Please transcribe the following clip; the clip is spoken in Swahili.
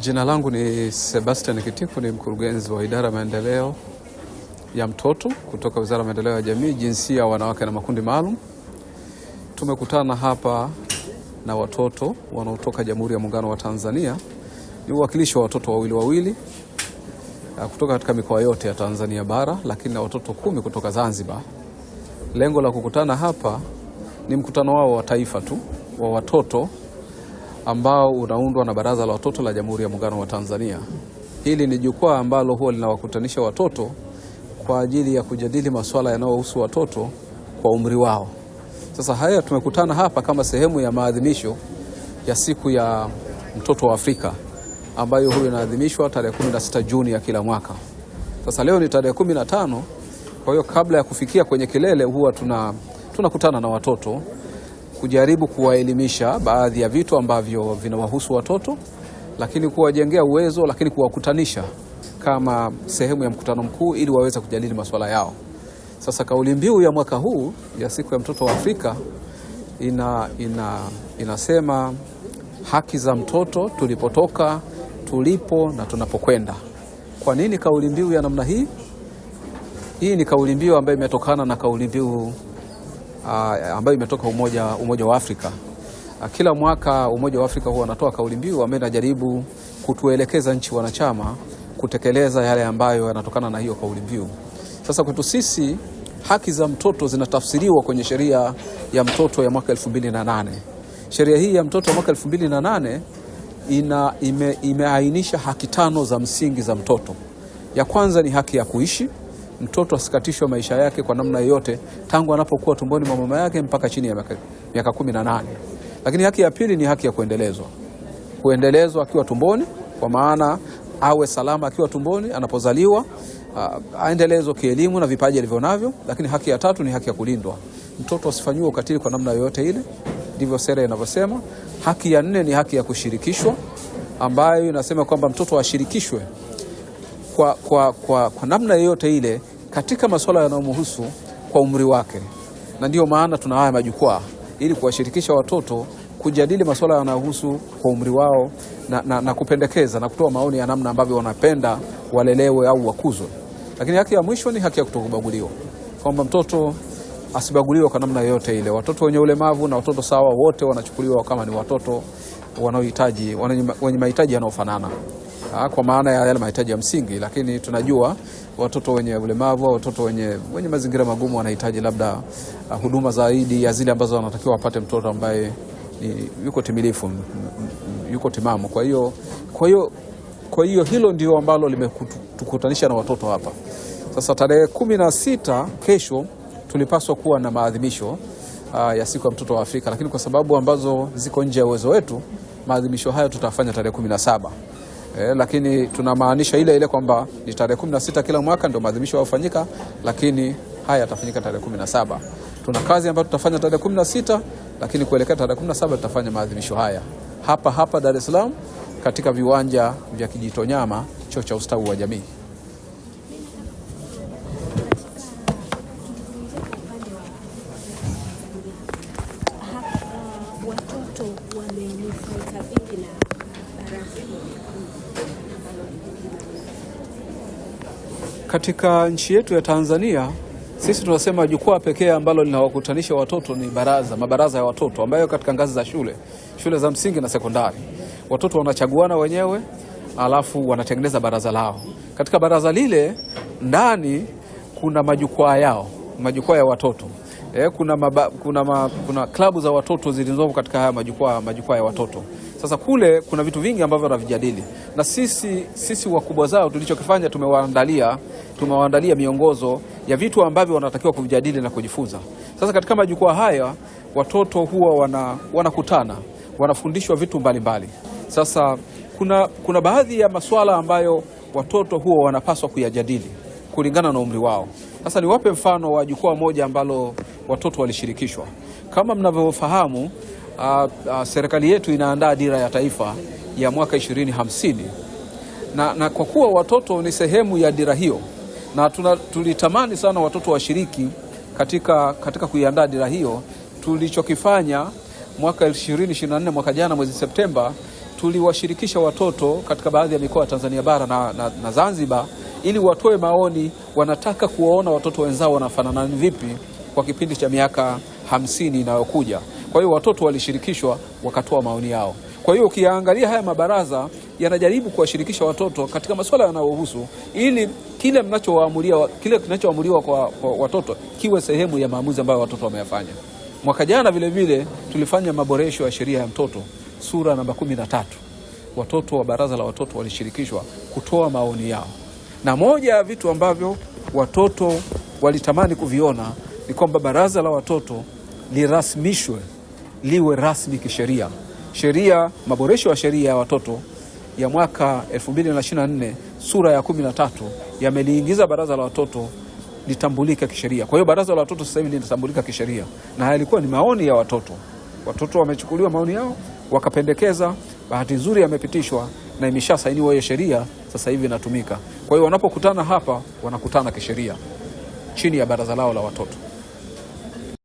Jina langu ni Sebastian Kitifu, ni mkurugenzi wa idara ya maendeleo ya mtoto kutoka Wizara ya Maendeleo ya Jamii, Jinsia, Wanawake na Makundi Maalum. Tumekutana hapa na watoto wanaotoka Jamhuri ya Muungano wa Tanzania. Ni uwakilishi wa watoto wawili wawili ah, kutoka katika mikoa yote ya Tanzania bara, lakini na watoto kumi kutoka Zanzibar. Lengo la kukutana hapa ni mkutano wao wa taifa tu wa watoto ambao unaundwa na Baraza la Watoto la Jamhuri ya Muungano wa Tanzania. Hili ni jukwaa ambalo huwa linawakutanisha watoto kwa ajili ya kujadili masuala yanayohusu watoto kwa umri wao. Sasa haya tumekutana hapa kama sehemu ya maadhimisho ya siku ya mtoto wa Afrika ambayo huwa inaadhimishwa tarehe 16 Juni ya kila mwaka. Sasa leo ni tarehe 15, kwa hiyo kabla ya kufikia kwenye kilele huwa tuna tunakutana na watoto kujaribu kuwaelimisha baadhi ya vitu ambavyo vinawahusu watoto, lakini kuwajengea uwezo, lakini kuwakutanisha kama sehemu ya mkutano mkuu ili waweze kujadili masuala yao. Sasa kauli mbiu ya mwaka huu ya siku ya mtoto wa Afrika ina, ina, inasema haki za mtoto, tulipotoka, tulipo na tunapokwenda. Kwa nini kauli mbiu ya namna hii? Hii ni kauli mbiu ambayo imetokana na kauli mbiu Ah, ambayo imetoka umoja, umoja wa Afrika. Ah, kila mwaka umoja wa Afrika huwa wanatoa kauli mbiu ambayo inajaribu kutuelekeza nchi wanachama kutekeleza yale ambayo yanatokana na hiyo kauli mbiu. Sasa kwetu sisi haki za mtoto zinatafsiriwa kwenye sheria ya mtoto ya mwaka 2008. Sheria hii ya mtoto ya mwaka 2008 ina, ime, imeainisha haki tano za msingi za mtoto. Ya kwanza ni haki ya kuishi mtoto asikatishwe maisha yake kwa namna yoyote tangu anapokuwa tumboni mwa mama yake mpaka chini ya miaka kumi na nane. Lakini haki ya pili ni haki ya kuendelezwa, kuendelezwa akiwa tumboni, kwa maana awe salama akiwa tumboni anapozaliwa, aendelezwe kielimu na vipaji alivyonavyo. Lakini haki ya tatu ni haki ya kulindwa, mtoto asifanyiwe ukatili kwa namna yoyote ile, ndivyo sera inavyosema. Haki ya nne ni haki ya kushirikishwa, ambayo inasema kwamba mtoto ashirikishwe kwa, kwa, kwa, kwa namna yoyote ile katika masuala yanayomhusu kwa umri wake, na ndiyo maana tuna haya majukwaa ili kuwashirikisha watoto kujadili masuala yanayohusu kwa umri wao na, na, na kupendekeza na kutoa maoni ya namna ambavyo wanapenda walelewe au wakuzwe. Lakini haki ya mwisho ni haki ya kutokubaguliwa, kwamba mtoto asibaguliwe kwa namna yoyote ile. Watoto wenye ulemavu na watoto sawa wote wanachukuliwa kama ni watoto wanaohitaji wenye mahitaji yanayofanana. Ah, kwa maana ya yale mahitaji ya msingi, lakini tunajua watoto wenye ulemavu au watoto wenye, wenye mazingira magumu wanahitaji labda uh, huduma zaidi ya zile ambazo wanatakiwa wapate mtoto ambaye ni, yuko timilifu yuko timamu. Kwa hiyo kwa hiyo kwa hiyo hilo ndio ambalo limetukutanisha na watoto hapa sasa. Tarehe kumi na sita kesho tulipaswa kuwa na maadhimisho uh, ya siku ya mtoto wa Afrika, lakini kwa sababu ambazo ziko nje ya uwezo wetu maadhimisho hayo tutafanya tarehe kumi na saba e, lakini tunamaanisha ile ile kwamba ni tarehe 16 kila mwaka ndio maadhimisho hufanyika, lakini haya yatafanyika tarehe 17. Tuna kazi ambayo tutafanya tarehe 16, lakini kuelekea tarehe 17 tutafanya maadhimisho haya hapa hapa Dar es Salaam katika viwanja vya Kijitonyama, chuo cha ustawi wa jamii. Katika nchi yetu ya Tanzania sisi tunasema jukwaa pekee ambalo linawakutanisha watoto ni baraza, mabaraza ya watoto ambayo katika ngazi za shule, shule za msingi na sekondari, watoto wanachaguana wenyewe, alafu wanatengeneza baraza lao. Katika baraza lile ndani kuna majukwaa yao, majukwaa ya watoto eh, kuna, maba, kuna, ma, kuna klabu za watoto zilizopo katika haya majukwaa, majukwaa ya watoto. Sasa kule kuna vitu vingi ambavyo wanavijadili na sisi, sisi wakubwa zao tulichokifanya tumewaandalia tumewaandalia miongozo ya vitu ambavyo wanatakiwa kuvijadili na kujifunza. Sasa katika majukwaa haya watoto huwa wana, wanakutana wanafundishwa vitu mbalimbali mbali. Sasa kuna, kuna baadhi ya masuala ambayo watoto huwa wanapaswa kuyajadili kulingana na umri wao. Sasa niwape mfano wa jukwaa moja ambalo watoto walishirikishwa. Kama mnavyofahamu uh, uh, serikali yetu inaandaa dira ya taifa ya mwaka 2050 na, na kwa kuwa watoto ni sehemu ya dira hiyo na tuna, tulitamani sana watoto washiriki katika, katika kuiandaa dira hiyo. Tulichokifanya mwaka 2024 mwaka jana mwezi Septemba tuliwashirikisha watoto katika baadhi ya mikoa ya Tanzania bara na, na, na Zanzibar ili watoe maoni, wanataka kuwaona watoto wenzao wanafanana vipi kwa kipindi cha miaka hamsini inayokuja. Kwa hiyo watoto walishirikishwa wakatoa maoni yao. Kwa hiyo ukiangalia haya mabaraza yanajaribu kuwashirikisha watoto katika masuala yanayohusu, ili kile mnachowaamulia, kile kinachoamuliwa kwa, kwa watoto kiwe sehemu ya maamuzi ambayo watoto wameyafanya. Mwaka jana vile vile tulifanya maboresho ya sheria ya mtoto sura namba kumi na tatu. Watoto wa baraza la watoto walishirikishwa kutoa maoni yao, na moja ya vitu ambavyo watoto walitamani kuviona ni kwamba baraza la watoto lirasmishwe liwe rasmi kisheria. Sheria maboresho ya sheria ya watoto ya mwaka 2024 sura ya 13 yameliingiza baraza la watoto litambulike kisheria. Kwa hiyo baraza la watoto sasa hivi linatambulika kisheria, na yalikuwa ni maoni ya watoto. Watoto wamechukuliwa maoni yao wakapendekeza, bahati nzuri yamepitishwa na imeshasainiwa hiyo sheria, sasa hivi inatumika. Kwa hiyo wanapokutana hapa wanakutana kisheria chini ya baraza lao la watoto.